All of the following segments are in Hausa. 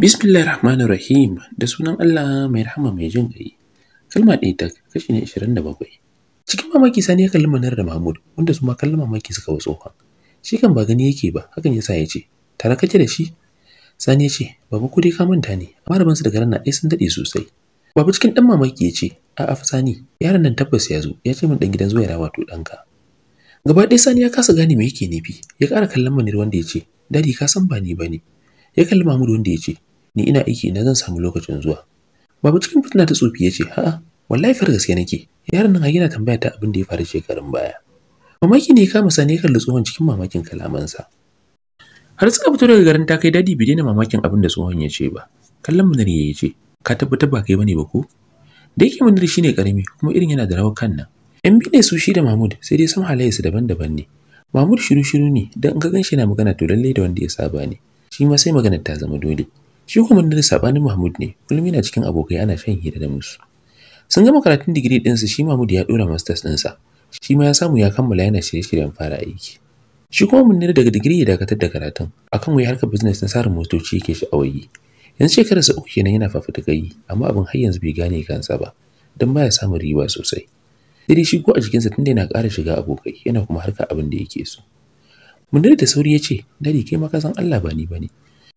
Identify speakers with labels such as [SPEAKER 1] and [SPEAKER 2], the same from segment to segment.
[SPEAKER 1] Bismillah Rahmanu Rahim da sunan Allah mai rahama mai jin ƙai. Kalma ɗaya ta kashi ne ashirin da bakwai. Cikin mamaki sani ya kalli manar da Mahmud wanda su ma kalli mamaki suka wa tsohon. Shi kan ba gani yake ba hakan ya sa ya ce tare kake da shi. Sani ya ce babu ku ka manta ne amma rabansu da garin na ɗaya sun daɗe sosai. Babu cikin ɗan mamaki ya ce a'a fa Sani yaron nan tabbas ya zo ya ce min ɗan gidan zuwa wato ɗanka. Gaba ɗaya Sani ya kasa gane me yake nufi, ya ƙara kallon Munir wanda ya ce, Dadi ka san ba ni ba ne. Ya kalli Mahmud wanda ya ce, Ni ina aiki na zan samu lokacin zuwa. Babu cikin fitina ta tsofi ya ce, A'a, wallahi far gaske nake, yaron nan yana tambaya ta abin da ya faru shekarun baya. Mamaki ne ya kama Sani ya kalli tsohon cikin mamakin kalamansa. Har suka fito daga garin ta kai dadi bai daina mamakin abin da tsohon ya ce ba. Kallon Munir ya ce, Ka tabbatar ba kai bane ba ko? Da yake shi ne karami kuma irin yana da rawar kan nan. ‘Yan biyu ne su shi da Mahmud sai dai sun halayensu daban-daban ne. Mahmud shiru-shiru ne don in ka gan shi na magana to lallai da wanda ya saba ne. Shi ma sai maganar ta zama dole. Shi kuma da sabanin Mahmud ne kullum yana cikin abokai ana shan hira da musu. Sun gama karatun digiri ɗinsu shi Mahmud ya ɗora masters ɗinsa. Shi ma ya samu ya kammala yana shirye-shiryen fara aiki. Shi kuma Munir daga digiri ya dakatar da karatun akan wai harkar business na sarin motoci yake sha'awar yi. Yanzu shekararsa uku kenan yana fafutuka yi amma abin har yanzu bai gane kansa ba don baya samun riba sosai. sai dai shi ko a jikinsa tunda yana ƙara shiga abokai yana kuma harka abin da yake so mun da sauri ya ce dadi kai ma ka san Allah ba ni bane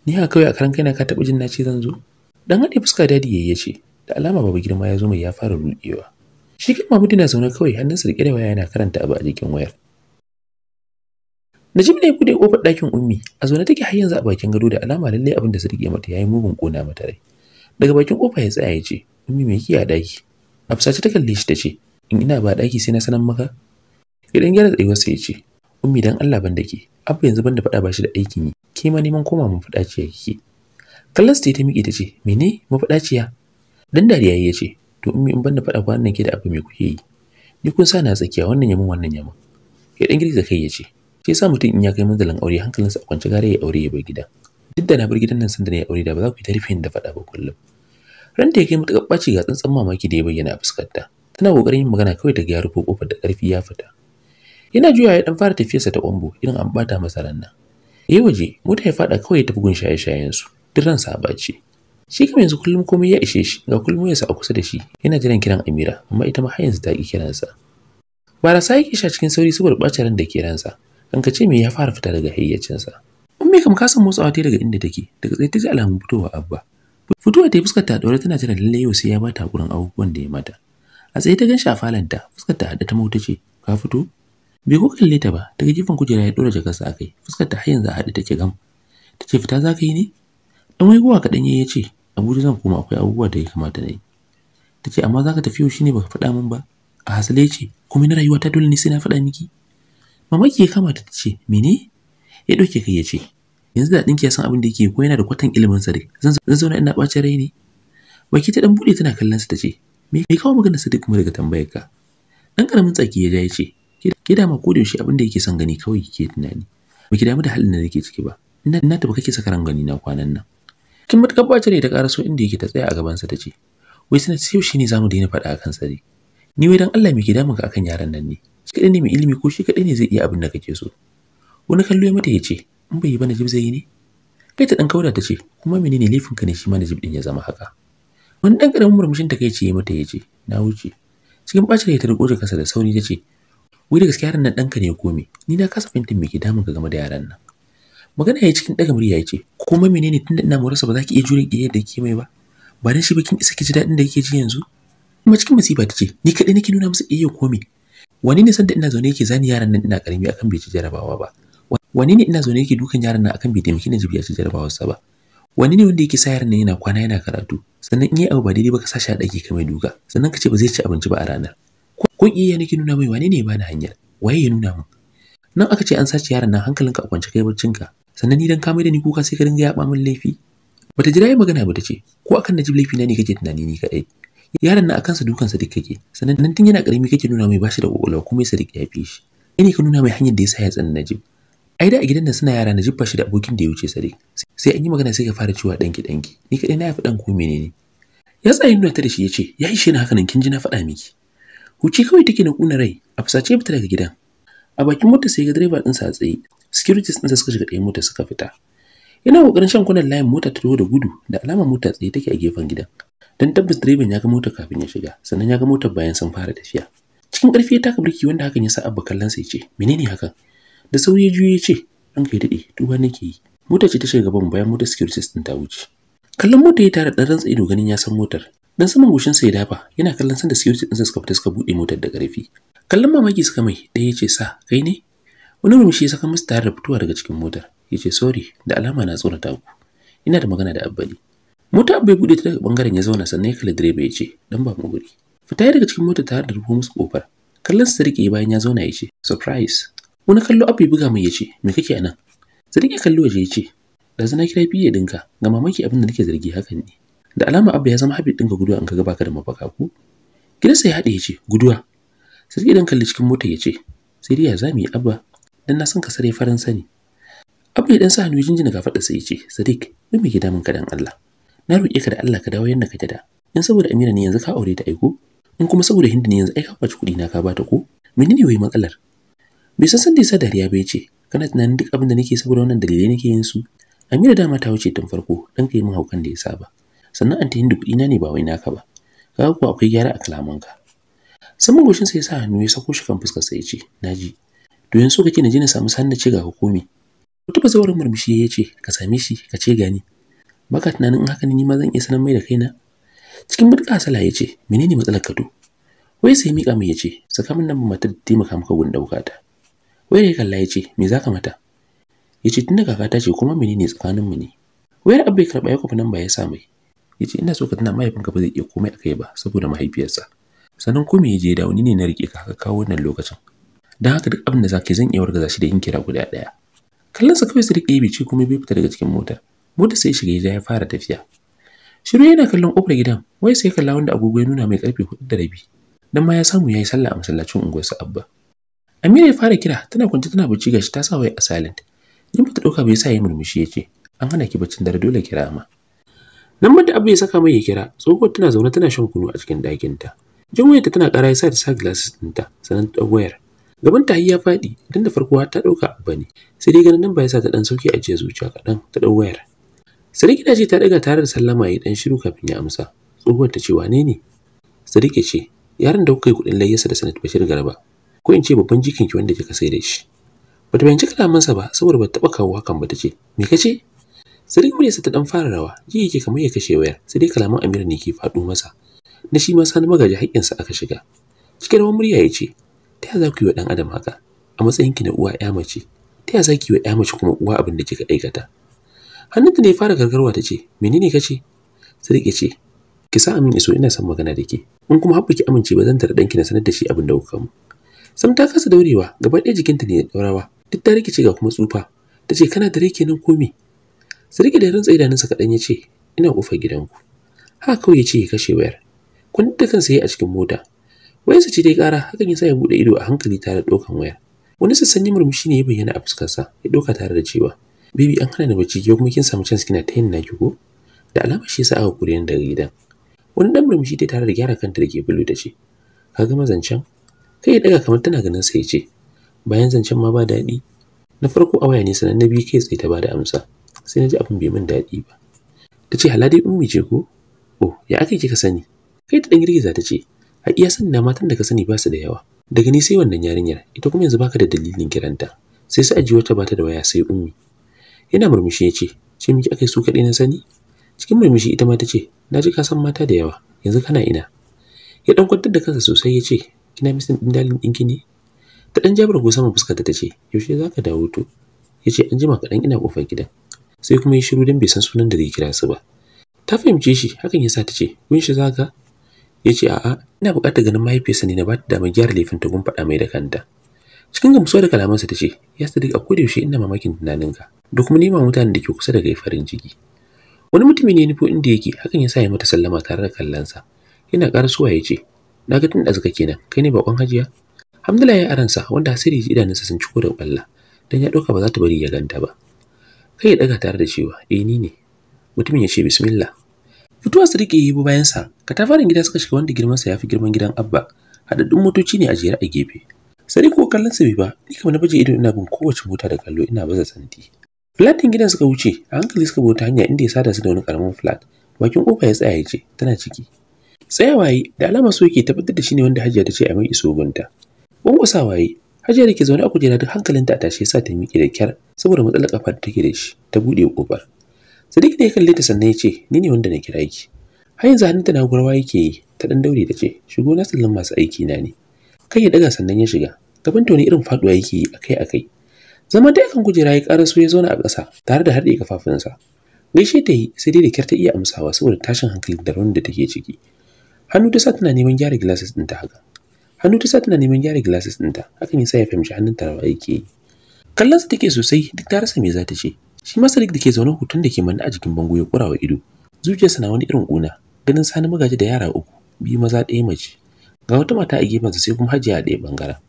[SPEAKER 1] ni haka kawai a karan kaina ka taɓa jin na ce zan zo dan haɗe fuska dadi yayi ya ce da alama baba girma ya zo mai ya fara ruɗewa shi kuma mudu na zaune kawai sa rike da waya yana karanta abu a jikin wayar Najib ne bude kofar dakin Ummi, a zaune take har yanzu a bakin gado da alama lalle abin da su rike mata yayi mugun kona mata rai. Daga bakin kofa ya tsaya ya ce, "Ummi me kiya daki?" Afsa ta kalle shi ta ce, in ina ba ɗaki sai na sanan maka idan gyara tsayuwar sai ce ummi dan Allah ban dake abu yanzu ban da faɗa ba shi da aikin yi ke ma neman koma mun faɗa ciya kike kallon ta ta miƙe ta ce mene mun faɗa ciya dan dariya ya ce to ummi in ban da faɗa kwanan ke da abu me kuke yi ni kun sa na tsakiya wannan yamin wannan yamin ya dan girgiza kai ya ce shi sa mutum in ya kai manzalin aure hankalinsa a kwance gare ya aure ya bar gida. duk da na bar gidan nan sanda da aure da ba za ku yi ta da faɗa ba kullum ranta ya kai matuƙar ɓaci ga tsantsan mamaki da ya bayyana a fuskarta tana kokarin yin magana kawai daga ya rufe kofar da ƙarfi ya fita yana juya ya dan fara tafiyarsa ta kwambo irin an bata masa ranna E waje mota ya fada kawai ya tafi gun shaye-shayen su duk ransa a bace shi kuma yanzu kullum komai ya ishe shi ga kullum yasa a kusa da shi yana jiran kiran Amira amma ita ma har yanzu ta ki kiransa barasa ya kisha cikin sauri saboda bacin ran da ke ransa kankace me ya fara fita daga hayyacinsa ummi kam san motsawa ta daga inda take daga tsaye ta ji alamun fitowa abba fitowa ta fuskar ta dore tana jiran lalle yau sai ya bata gurin abubuwan da ya mata a tsaye ta ganshi a falanta fuskar ta haɗe ta mota ce ka fito bai ko kalle ta ba daga gefen kujera ya ɗora jakarsa a kai fuskar ta har yanzu a haɗe take gam ta ce fita za ka yi ne dan wai kaɗan ya ce abuja zan koma akwai abubuwa da ya kamata na yi ta ce amma za ka tafi yau shine baka faɗa min ba a hasale ce kuma na rayuwa ta dole ne sai na faɗa miki mamaki ya kama ta ce mene ya ɗauke kai ya ce yanzu da ɗinki ya san abin da yake ko yana da kwatan ilimin sa dai zan zauna ina ɓacin rai ne baki ta ɗan buɗe tana kallon sa ta me kai kawo maganar Sadiq kuma daga tambayar ka dan karamin tsaki ya ja ya ce ke dama ko da yaushe abin da yake son gani kawai kike tunani ba ki damu da halin da nake ciki ba ina na tafi kake saka ran gani na kwanan nan kin matukar bace ne ta karaso inda yake ta tsaya a gaban sa tace wai sai sai yaushe ne zamu daina faɗa akan sare? ni wai dan Allah me ke damun ka akan yaran nan ne shi kadai ne mai ilimi ko shi kadai ne zai iya abin da kake so wani kallo ya mata ya ce in bai yi ba jib zai yi ne kai ta dan kauda ta ce kuma menene laifinka ne shi ma Najib din ya zama haka Wani ɗan ƙaramin murmushin takaici ya mata ya ce, na wuce. Cikin ɓacin ya tarko da kasa da sauri ta ce, wai da gaske yaran nan ɗanka ne ko me? Ni na kasa fahimtar me ke damun ka game da yaran nan. Magana ya cikin ɗaga murya ya ce, ko menene tun da ina murarsa ba za ki iya jure ƙiyayyar da ke mai ba? Ba na shi ba kin isa ki ji daɗin da kike ji yanzu? Kuma cikin masifa ta ce, ni kaɗai nake nuna masa iya ko me? Wani ne sanda ina zaune yake zani yaran nan ina ƙarami akan bai ci jarabawa ba? Wani ne ina zaune yake dukan yaran nan akan bai taimaki na jibiya ci jarabawarsa ba? wani ne wanda yake sa yaran yana kwana yana karatu sannan in yi abu ba daidai ba ka sa shi a ɗaki kamar duka sannan ka ce ba zai ci abinci ba a ranar ko iya nake nuna mai wane ne ya bani hanyar waye ya nuna min nan aka ce an sace yaran nan hankalinka a kwance kai barcinka sannan ni dan ka mai da ni kuka sai ka dinga yaba min laifi bata jira yi magana ba ta ce ko akan najib laifi na ne kake tunani ni kadai yaron na dukan dukansa duk kake sannan nan tun yana karami kake nuna mai bashi da kokola kuma sa duk ya fi shi ne ka nuna mai hanyar da yasa ya tsani najib ai da a gidan nan suna yara na jibba shi da abokin da ya wuce sare sai an yi magana sai ka fara cewa danki danki ni kadai na yafi dan ko menene ya tsaye nuna ta da shi ya ce ya ishe ni haka nan kin ji na faɗa miki huci kawai take na kuna rai a fusace fita daga gidan a bakin mota sai ga direba ɗinsa a tsaye securities ɗinsa suka shiga ɗayan mota suka fita yana kokarin shan kunan layin mota ta taho da gudu da alama mota tsaye take a gefen gidan dan tabbas direban ya ga mota kafin ya shiga sannan ya ga motar bayan sun fara tafiya cikin ƙarfi ya taka birki wanda hakan ya sa abba kallon sai ce menene hakan da sauri ya ya ce ɗan kai daɗe duba nake yi mota ce ta shiga gaban bayan motar security system ta wuce kallon mota ya tare da rantsa ido ganin ya san motar dan saman gushin sa ya dafa yana kallon sanda security din suka fita suka buɗe motar da ƙarfi kallon mamaki suka mai ɗaya ya ce sa kai ne wani rumshi ya saka musu tare da fitowa daga cikin motar ya ce sorry da alama na tsorata ku ina da magana da abbali mota abu ya buɗe ta daga bangaren ya zauna sannan ya kalli direba ya ce dan ba mu guri fita daga cikin motar tare da rufo musu kofar kallon su rike bayan ya zauna ya ce surprise wani kallo abu buga mai ya ce me kake anan sadiq ya kallo waje ya ce da zana kira fiye dinka ga mamaki abin da nake zargi hakan ne da alama abu ya zama habit dinka guduwa in ka ga baka da mafaka ko gidansa ya haɗe ya ce guduwa sadiq dan kalli cikin mota ya ce sai riya zamu yi abba dan na san ka sare faransa ne abu ya dan sa hannu jinjina ga fada sai ya ce sadiq me me gida mun ka dan Allah na roƙe ka da Allah ka dawo yanda kake da in saboda Amira ne yanzu ka aure ta aiko in kuma saboda Hindi ne yanzu ai ka kwaci kuɗi na ka bata ko menene wai matsalar bai san san da yasa dariya bai ce kana tunanin duk abin da nake saboda wannan dalilai nake yin su Amira dama ta wuce tun farko dan kai min haukan da ya ba. sannan an tayin dubi ina ne ba wai naka ba Ka ga kuwa akwai gyara a kalamanka mun goshin sai ya sa hannu ya sako shi kan fuskar sa ya ce naji to yanzu kake na je na samu sanin ce ga hukumi tuba zawarin murmushi ya ce ka same shi ka ce gani baka tunanin in haka ne ni ma zan iya sanar mai da kaina cikin burka sala ya ce menene matsalar ka to wai sai mika mai ya ce saka min nan matar da taimaka maka gun ta wai ya kalla ya ce me za ka mata ya ce tun da ta ce kuma menene tsakaninmu ne wayar abu ya karɓa Yakubu nan ba ya sa mai ya ce ina so ka tana mahaifinka ba zai iya komai a kai ba saboda mahaifiyarsa sannan ko me ya je da wani ne na rike ka haka kawo wannan lokacin don haka duk abin da za zan iya wargaza shi da yin kira guda ɗaya kallonsa kawai su riƙe bici kuma bai fita daga cikin motar motar sai shiga gida ya fara tafiya shiru yana kallon ƙofar gidan wai sai kalla wanda agogo ya nuna mai ƙarfe hudu da rabi dan ma ya samu ya yi sallah a masallacin unguwarsa abba Amira ya fara kira tana kwance tana bacci gashi ta sa waya a silent. Ni bata dauka bai sa yi murmushi ya ce an hana ki baccin dare dole kira ma. Nan mata abu ya saka mai ya kira tsohuwar tana zaune tana shan kunu a cikin ɗakin ta. Jin tana ƙara ya sa ta sa glasses ɗinta sannan ta wayar. Gaban ta ya faɗi dan da farko ta ɗauka abu sai dai ganin nan ba ya sa ta ɗan sauki a jiya zuciya kaɗan ta ɗau wayar. ta ce ta daga tare da sallama ya ɗan shiru kafin ya amsa. Tsohuwar ta ce wane ne? Sadiq ce yaron da kuka yi kuɗin layyarsa da Sanat Bashir Garba ko in ce babban jikin ki wanda kika sai da shi bata bayanci sa ba saboda bata taɓa kawo hakan ba tace me kace sai dai muryarsa ta dan fara rawa ji yake kamar ya kashe wayar sai dai kalaman Amira ne ke faɗo masa Na shi ma sani magaji sa aka shiga cikin ruwan murya ya ce ta yaya za yi wa Dan adam haka a matsayin ki na uwa ya mace ta yaya za wa ya mace kuma uwa abin da kika aikata hannunta ne fara gargarwa ta ce menene kace sai dai ce ki sa amin iso ina son magana da ke in kuma haɓɓa ki amince ba zan tarɗanki na sanar da shi abin da kuka mu sam ta kasa daurewa gaba ɗaya jikinta ne da daurawa duk ta rikice ga kuma tsufa ta ce kana da rai nan komi su rike da rantsa idanunsa kaɗan ya ce ina kofar gidanku haka kawai ya ce ya kashe wayar kun da kansa ya a cikin mota wayarsa ce dai ƙara hakan ya sa ya buɗe ido a hankali tare da ɗaukan wayar wani sassan murmushi ne ya bayyana a fuskarsa ya ɗauka tare da cewa Bibi an hana ni bacci yau kuma kin samu chance kina ta yin naki ko da alama shi yasa aka kore ni daga gidan wani dan murmushi ta tare da gyara kanta da ke bulu ta ce kaga mazancan kai ya daga kamar tana ganin sa ce. bayan zancen ma ba daɗi na farko a waya ne sanan na biyu kai tsaye ta bada amsa sai na ji abin bai min daɗi ba ta ce halade ummi je ko oh ya aka kika sani kai ta dan girgiza ta ce a iya sanin na matan da ka sani ba su da yawa daga ni sai wannan yarinyar ita kuma yanzu baka da dalilin kiranta sai su ajiye wata bata da waya sai ummi yana murmushi ya ce ce miki akai su kaɗai na sani cikin murmushi ita ma ta ce na ji ka san mata da yawa yanzu kana ina ya dan kwantar da kansa sosai ya kina misin dindalin dalin ɗinki ne ta ɗan jabar ko sama fuskar ta ce yaushe za ka dawo to ya ce an jima kaɗan ina ƙofar gidan sai kuma ya shiru don bai san sunan da zai kira su ba ta fahimce shi hakan ya sa ta ce kun shi za ka ya ce a'a ina buƙatar ganin mahaifiyarsa ne na ba ta damar gyara laifin ta gun faɗa mai da kanta cikin gamsuwa da kalamansa ta ce ya sadi a yaushe ina mamakin tunaninka da kuma nema mutanen da ke kusa da kai farin ciki wani mutumi ne nufo inda yake hakan ya sa ya mata sallama tare da kallonsa yana ƙara suwa ya ce na ga tun da suka kenan kai ne bakon hajiya hamdala ya aransa wanda hasiri ji idanunsa sun ciko da ƙwalla dan ya ɗauka ba za ta bari ya ganta ba kai ya ɗaga tare da cewa eh ni ne mutumin ya ce bismillah fituwa su riƙe yi bayansa katafaren gida suka shiga wanda girmansa ya fi girman gidan abba haɗaɗɗun motoci ne a jere a gefe Sari ko kallon sa bai ba ni kamar na baje ido ina bin kowace mota da kallo ina baza santi flatin gidan suka wuce a hankali suka bota hanya inda ya sada su da wani karamin flat bakin kofa ya tsaya ya ce tana ciki tsayawaye da alama so yake tabbatar da shi ne wanda hajiya ta ce a mai iso gunta ƙwanƙwasa waye hajiya da ke zaune a kujera duk hankalinta a tashe sa ta miƙe da kyar saboda matsalar kafar da take da shi ta buɗe kofar sadiq ne ya kalle ta sannan ya ce ni ne wanda na kira ki har yanzu hannunta na gurwa yake yi ta ɗan daure ta ce shigo na sallan masu aiki na ne kai ya daga sannan ya shiga gaban ta wani irin faduwa yake yi akai akai zama da akan kujera ya ƙara so ya zauna a ƙasa tare da haɗe kafafunsa gaishe ta yi sai dai da kyar ta iya amsawa saboda tashin hankalin da da take ciki hannu ta sa tana neman gyara glasses ɗinta haka hannu ta sa tana neman gyara glasses ɗinta hakan ya sa ya fahimci hannun ta rawa yake yi Kallon sa take sosai duk ta rasa me za ta ce shi masarik da ke zaune hoton da ke manna a jikin bango ya kurawa ido zuciyarsa na wani irin ƙuna ganin sani magaji da yara uku biyu maza ɗaya mace ga wata mata a gefensa sai kuma hajiya a ɗaya ɓangaren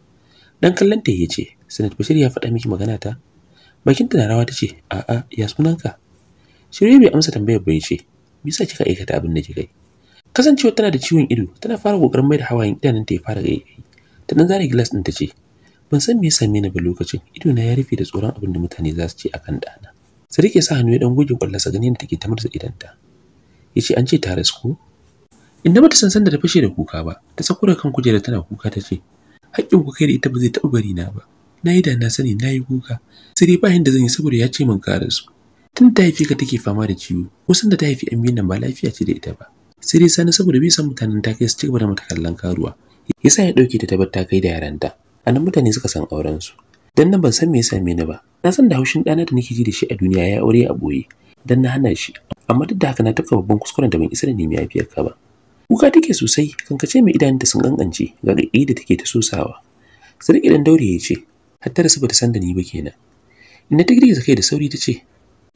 [SPEAKER 1] dan kallon ta ya ce sanat bashir ya faɗa miki magana ta bakinta na rawa ta ce a'a ya sunanka shirye bai amsa tambayar bai ce bisa kika aikata abin da kika yi kasancewa tana da ciwon ido tana fara kokarin mai da hawayen idanun ta ya fara gaigayi ta dan zare gilas din ta ce ban san me ya same ni ba lokacin ido na ya rufe da tsoron abin da mutane za su ce akan ɗana. sai rike sa hannu ya dan goge kwallasa ganin take ta murza Ya yace an ce ta rasku inda bata san san da ta fashe da kuka ba ta sako da kan kujera tana kuka ta ce haƙƙin ku kai da ita ba zai taɓa bari na ba na yi da na sani na yi kuka sai dai bayan da zan yi saboda ya ce min karasu rasu tun ta haifi ka take fama da ciwo kusan da ta haifi an nan ba lafiya ce da ita ba sai dai sani saboda bai san mutanen ta kai su ci gaba da mata kallon karuwa yasa ya dauke ta tabar ta kai da yaranta anan mutane suka san auren su dan nan ban san me ya same ni ba na san da haushin dana da nake ji da shi a duniya ya aure a boye dan na hana shi amma duk da haka na tafka babban kuskuren da ban isa da nemi afiyar ka ba kuka take sosai kankace mai idanunta sun kankance ga gaƙi da take ta sosawa sadiq dan daure ya ce hatta da bata san da ni ba kenan Ina ta girgiza kai da sauri ta ce,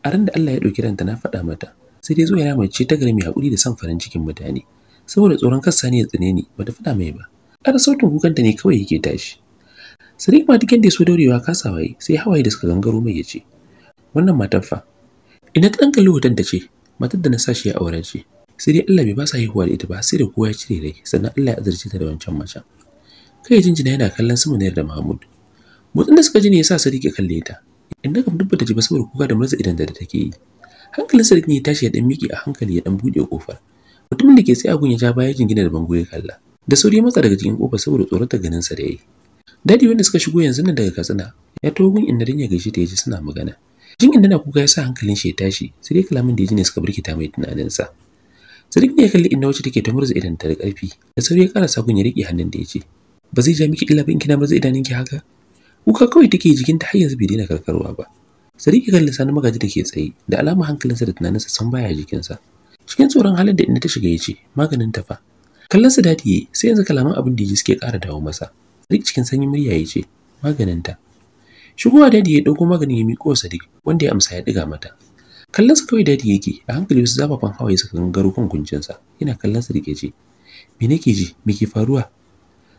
[SPEAKER 1] A ran da Allah ya ɗauki ranta na faɗa mata, sai dai zuwa mace ta gari mai hakuri da son farin cikin mutane saboda tsoron kar sani ya tsine ni bata faɗa mai ba ƙara sautin kukanta ne kawai yake tashi sadiq ma duk da ya so daurewa kasawa yi sai hawaye da suka gangaro mai ya ce wannan matar fa ina ta ɗan kalli hoton ta ce matar da na sa shi ya auren ce sai dai Allah bai ba sa haihuwa da ita ba sai da kowa ya cire rai sannan Allah ya azurce ta da wancan macen kai jinjina yana kallon sama da Mahmud motsin da suka ji ne yasa Sadiq ya kalle ta inda kam duk bata ji ba saboda kuka da murza idan da take yi hankalin sarkin ya tashi ya dan miƙe a hankali ya dan buɗe kofar mutumin da ke tsaye a gun ya ja baya jingina da bango ya kalla da sauri ya matsa daga cikin kofar saboda tsoron ta ganin sa da yayi dadi wanda suka shigo yanzu nan daga katsina ya taho gun inda dan ya gaishe ta yaji suna magana jin inda na kuka ya sa hankalin shi ya tashi sai dai kalamin da ya ji ne suka birkita mai tunaninsa Sadiq sarki ya kalli inda wacce take ta murza idan ta da ƙarfi da sauri ya karasa gun ya riƙe hannun da ya ce ba zai ja miki illa ba in kina murza haka kuka kawai take jikin har yanzu bai daina karkarwa ba Sariki ya kalli magaji da ke tsaye, da alama hankalinsa da tunaninsa sun baya jikinsa. Cikin tsoron halin da ina ta shiga ya ce, maganin ta fa. Kallon su dadi ya sai yanzu kalaman abin da ya ji suke ƙara dawo masa. Sadiq cikin sanyin murya ya ce, maganin ta. Shigowa dadi ya ɗauko maganin ya miƙo Sadiq, wanda ya amsa ya ɗiga mata. Kallon Kallonsa kawai dadi yake, a hankali wasu zafafan hawaye suka gangaro kan kuncinsa. Yana kallon sa ya ce, me nake ji, me ke faruwa?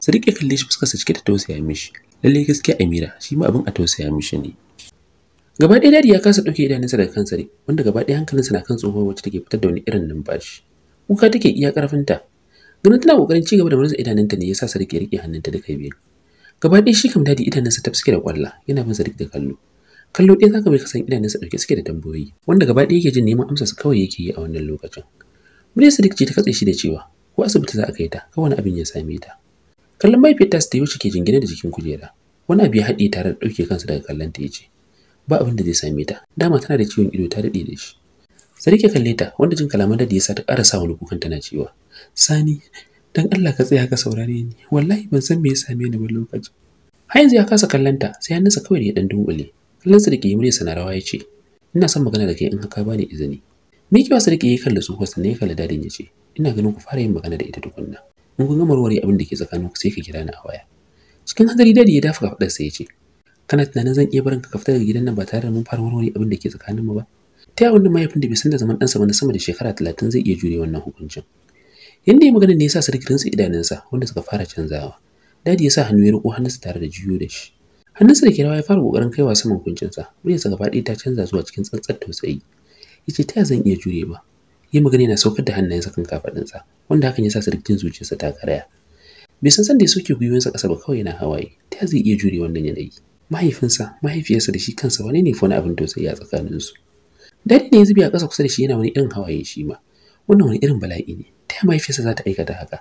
[SPEAKER 1] Sadiq ya kalle shi fuskarsa cike da tausaya mishi. Lallai gaskiya Amira, shi ma abin a tausaya mishi ne. gaba ɗaya dadi ya kasa ɗauke idanunsa daga kansa ne wanda gaba ɗaya hankalinsa na kan tsohuwar wacce take fitar da wani irin numfashi kuka take iya ƙarfinta ganin tana ƙoƙarin ci gaba da murza idanunta ne ya sa sarki ya riƙe hannunta da kai biyu gaba ɗaya shi kam dadi idanunsa ta fuske da ƙwalla yana bin sarki da kallo kallo ɗaya zaka bai kasan idanunsa ɗauke suke da tambayoyi wanda gaba ɗaya yake jin neman amsa kawai yake yi a wannan lokacin Muryar Sadiq ce ta katse shi da cewa ko asibiti za a kai ta ko wani abin ya same ta kallon mahaifiyar ta ta yi wuce ke jingine da jikin kujera wani abu ya haɗe tare da ɗauke kansa daga kallon ta ya ce ba abin da zai same ta dama tana da ciwon ido ta dade da shi sarki kalle ta wanda jin kalaman da ya sa ta ƙara sa wani kukan tana cewa sani dan Allah ka tsaya ka saurare ni wallahi ban san me ya same ni ba lokaci har yanzu ya kasa kallanta sai hannunsa kawai da ya ɗan dunƙule Kallon da ke sana muryarsa rawa ya ce ina son magana da kai in haka bani izini miƙewa rike ya kalli su sannan ya kalli dadin ya ce ina ganin ku fara yin magana da ita tukunna in kun gama abin da ke tsakaninku sai ka kira ni a waya cikin hanzari dadi ya dafa kafaɗarsa ya ce kana tunanin zan iya barin ka ka fita daga gidan nan ba tare da mun fara warware abin da ke tsakanin mu ba ta yi wannan mahaifin da bai san da zaman ɗansa ba na sama da shekara talatin zai iya jure wannan hukuncin Yadda ya magana ne ya sa sarki su idanunsa wanda suka fara canzawa dadi ya sa hannu ya riko hannunsa tare da juyo da shi hannunsa da kirawa ya fara kokarin kaiwa saman kuncinsa muryarsa gaba ɗaya ta canza zuwa cikin tsantsar tausayi ya ce ta zan iya jure ba Ya magana yana saukar da hannayensa kan kafaɗinsa wanda hakan ya sa sarkin zuciyarsa ta karaya bai san san da ya soke gwiwansa ƙasa ba kawai yana hawaye ta zai iya jure wannan yanayi mahaifinsa mahaifiyarsa da shi kansa wani ne wani abin tausayi a tsakaninsu dadi ne zubi a ƙasa kusa da shi yana wani irin hawaye shi ma wannan wani irin bala'i ne ta mahaifiyarsa za ta aikata haka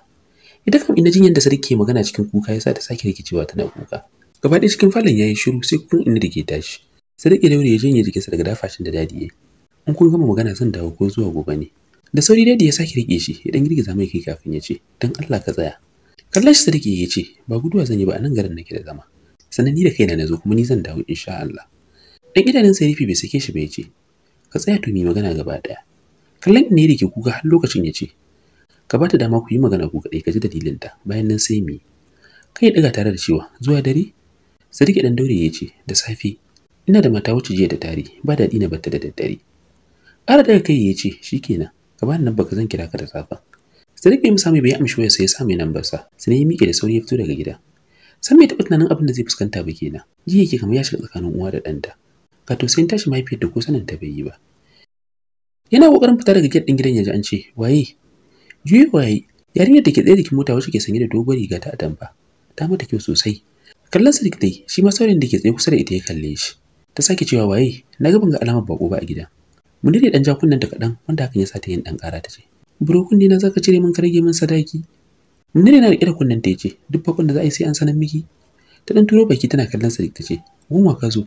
[SPEAKER 1] ita kam ina jin yadda sarki ke magana cikin kuka ya sa ta sake rikicewa tana kuka gaba ɗaya cikin falon ya yi shiru sai kun ina da ke tashi sarki da wuri ya janye jikinsa daga dafashin da dadi ya in kun gama magana zan dawo ko zuwa gobe ne da sauri dadi ya sake rike shi ya dan girgiza mai kai kafin ya ce dan Allah ka tsaya kallon shi sarki ya ce ba guduwa zan yi ba a nan garin nake da zama sannan ni da kaina na zo kuma ni zan dawo insha Allah dan idanun sa rufi bai sake shi bai ce ka tsaya to mi magana gaba daya kallon ne da ke kuka har lokacin ya ce ka bata dama ku yi magana ku kadai ka ji dalilin ta bayan nan sai mi kai daga tare da cewa zuwa dare Sadiq dan daure ya ce da safe ina da mata wacce jiya da tare ba daɗi na batta da daddare Ara daga kai ya ce shikenan ka ba ni nan baka zan kira ka da safa Sadiq ya musa mai bai amshi wayarsa ya sa mai nambarsa sai ya miƙe da sauri ya fito daga gida san bai taɓa tunanin abin da zai fuskanta ba kenan Jiya ke kamar ya shiga tsakanin uwa da ɗanta ka to sai tashi mahaifiyar da ko sanin ta bai yi ba yana kokarin fita daga gate din gidan ya an ce waye juyi waye yarinyar da ke tsaye jikin mota wacce ke sanye da dogon riga ta atamfa ta mata kyau sosai kallon sa dai shi ma saurayin da ke tsaye kusa da ita ya kalle shi ta sake cewa waye na ga ban ga alamar bako ba a gidan Mun ya dan ja da kadan wanda hakan ya sa ta yin dan kara ta ce buro zaka cire min ka min sadaki ne na riƙe da kunnen ta ce, duk babban da za a yi sai an sanar miki. Ta ɗan turo baki tana kallon Sadiq ta ce, mun ka zo.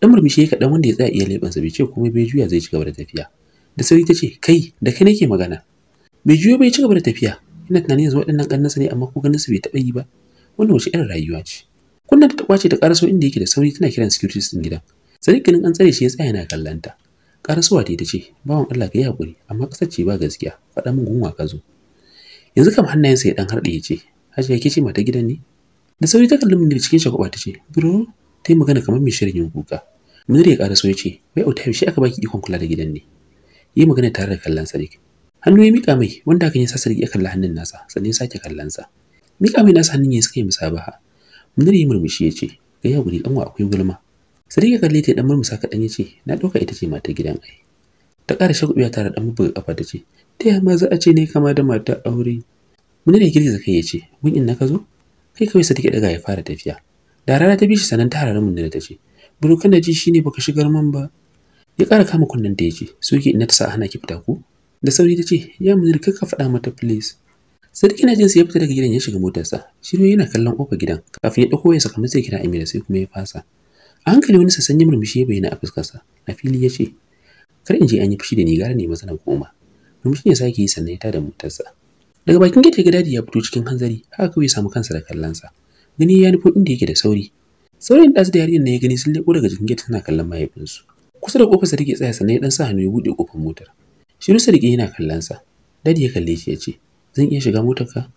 [SPEAKER 1] Dan murmushi ya kaɗan wanda ya tsaya iya leɓensa bai ce komai bai juya zai ci gaba da tafiya. Da sauri ta ce, kai, da kai nake magana. Bai juyo bai ci gaba da tafiya. Ina tunanin yanzu waɗannan ƙannansa ne amma ko ganinsu bai taɓa yi ba. Wannan wace irin rayuwa ce. Kunnen ta kwace ta ƙaraso inda yake da sauri tana kiran security din gidan. Sadiq ganin an tsare shi ya tsaya yana kallon ta. Ƙarasuwa ta ce, bawan Allah ka yi haƙuri, amma ƙasar ce ba gaskiya, faɗa min gunwa ka zo. yanzu kam hannayensa ya dan harɗe ya ce hajiya ke ce mata gidan ne da sauri ta kalli munir cikin shagwaba ta ce bro ta yi magana kamar mai shirin yin kuka Muniri ya ƙara so ya ce wai auta yaushe aka baki ikon kula da gidan ne yi magana tare da kallon sadiq hannu ya miƙa mai wanda hakan ya sa sadiq ya kalli hannun nasa sannan ya sake kallonsa miƙa mai nasa hannun ya suka yi musabaha Muniri ya murmushi ya ce Gaya yau guri kanwa akwai gulma sadiq ya kalle ta ɗan murmusa kaɗan ya ce na ɗauka ita ce mata gidan ai ta ƙara shagubiya tare da mabuga kafa ta ce ta yaya ma za a ce ne kama da mata aure mun ne girgiza kai ya ce mun in na ka zo kai kawai sa take daga ya fara tafiya da rana ta bi shi sanan ta hararin mun da ta ce burukan da ji shi ne baka shigar man ba ya ƙara kama kunnen ta ya ce su yake ina ta sa hana ki fita ko da sauri ta ce ya mun ka ka faɗa mata please sarki na jin sai ya fita daga gidan ya shiga motarsa. Shiro yana kallon kofar gidan kafin ya ɗauko ya saka masa kira Amira sai kuma ya fasa. A hankali wani sassan ya murmushi ya bayyana a fuskarsa. A fili ya ce, kar in je an yi fushi da ni gara ne maza na koma murmushi ne sake yi sannan ya da motarsa daga bakin gida ga dadi ya fito cikin hanzari haka kawai ya samu kansa da kallonsa gani ya nufo da yake da sauri saurayin ɗansa da yarinyar na ya gani sun leƙo daga jikin gate tana kallon mahaifinsu kusa da kofar sa take tsaya sannan ya dan sa hannu ya buɗe kofar motar shiru sa yana kallonsa dadi ya kalle shi ya ce zan iya shiga motarka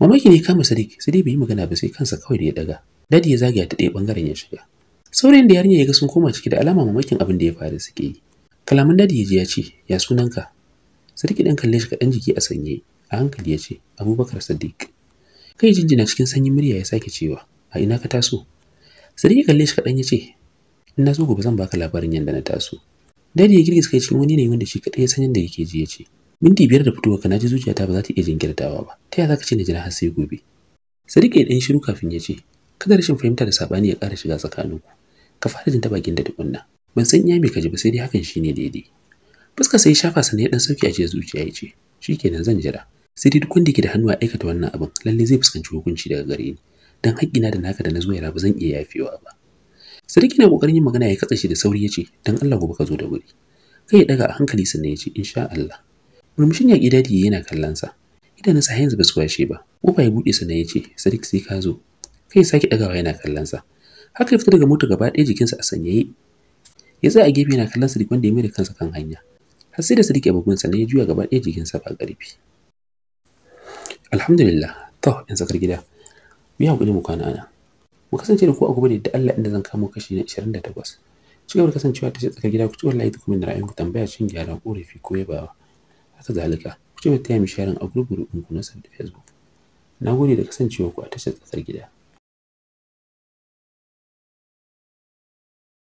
[SPEAKER 1] mamaki ne kama sai dai bai yi magana ba sai kansa kawai da ya daga dadi ya zagaya ta ɗaya bangaren ya shiga saurayin da yarinya ya ga sun koma ciki da alama mamakin abin da ya faru suke yi Kalaman dadi ya ji ya ce, ya sunan ka?" Sarki ɗan kalle shi kaɗan jiki a sanye, a hankali ya ce, Abubakar Sadiq. Kai jinjina cikin sanyin murya ya sake cewa, a ina ka taso? Sarki kalle shi kaɗan ya ce, Ina so gobe zan baka labarin yanda na taso. Dadi ya girgiza kai cikin wani ne wanda shi kadai ya san yadda yake ji ya ce, minti biyar da fitowa kana ji zuciyata ba za ta iya jinkirtawa ba, ta yaya za ce na jira har sai gobe? Sarki dan ɗan shiru kafin ya ce, kada rashin fahimta da saɓani ya kara shiga tsakaninku, ka fara jin ta bakin da tukunna. ban san iya me kaji ba sai dai hakan shine daidai fuska sai shafa sa ne dan sauki a cikin zuciya yace shikenan zan jira sai dai duk wanda yake da hannu a aikata wannan abin lalle zai fuskanci hukunci daga gare ni dan na da naka da na zuwa ba zan iya yafewa ba sarki na kokarin yin magana ya katse shi da sauri ya ce, dan Allah gobe ka zo da wuri kai ya daga a hankali sannan yace insha Allah murmushin ya dadi yana kallon sa na sa yanzu ba su kwashe ba kofa ya buɗe sannan yace sarki sai ka zo kai sake dagawa yana kallon sa haka ya fita daga mota gaba ɗaya jikinsa a sanyaye ya tsaya a gefe yana kallon Sadiq wanda ya mai da kansa kan hanya har sai da Sadiq ya bugun sannan ya juya gaba ɗaya jikinsa ba ƙarfi alhamdulillah to in sakar gida mu yi haƙuri mu kwana ana mu kasance da ku a gobe da Allah inda zan kamo kashi na 28 ci gaba da kasancewa ta tsakar gida ku ci wallahi da kuma ra'ayin ku tambaya shin gyara korafi ko yabawa haka zalika ku ci mu taya mu a gurguru ɗinku na Facebook na gode da kasancewa ku a tashar tsakar gida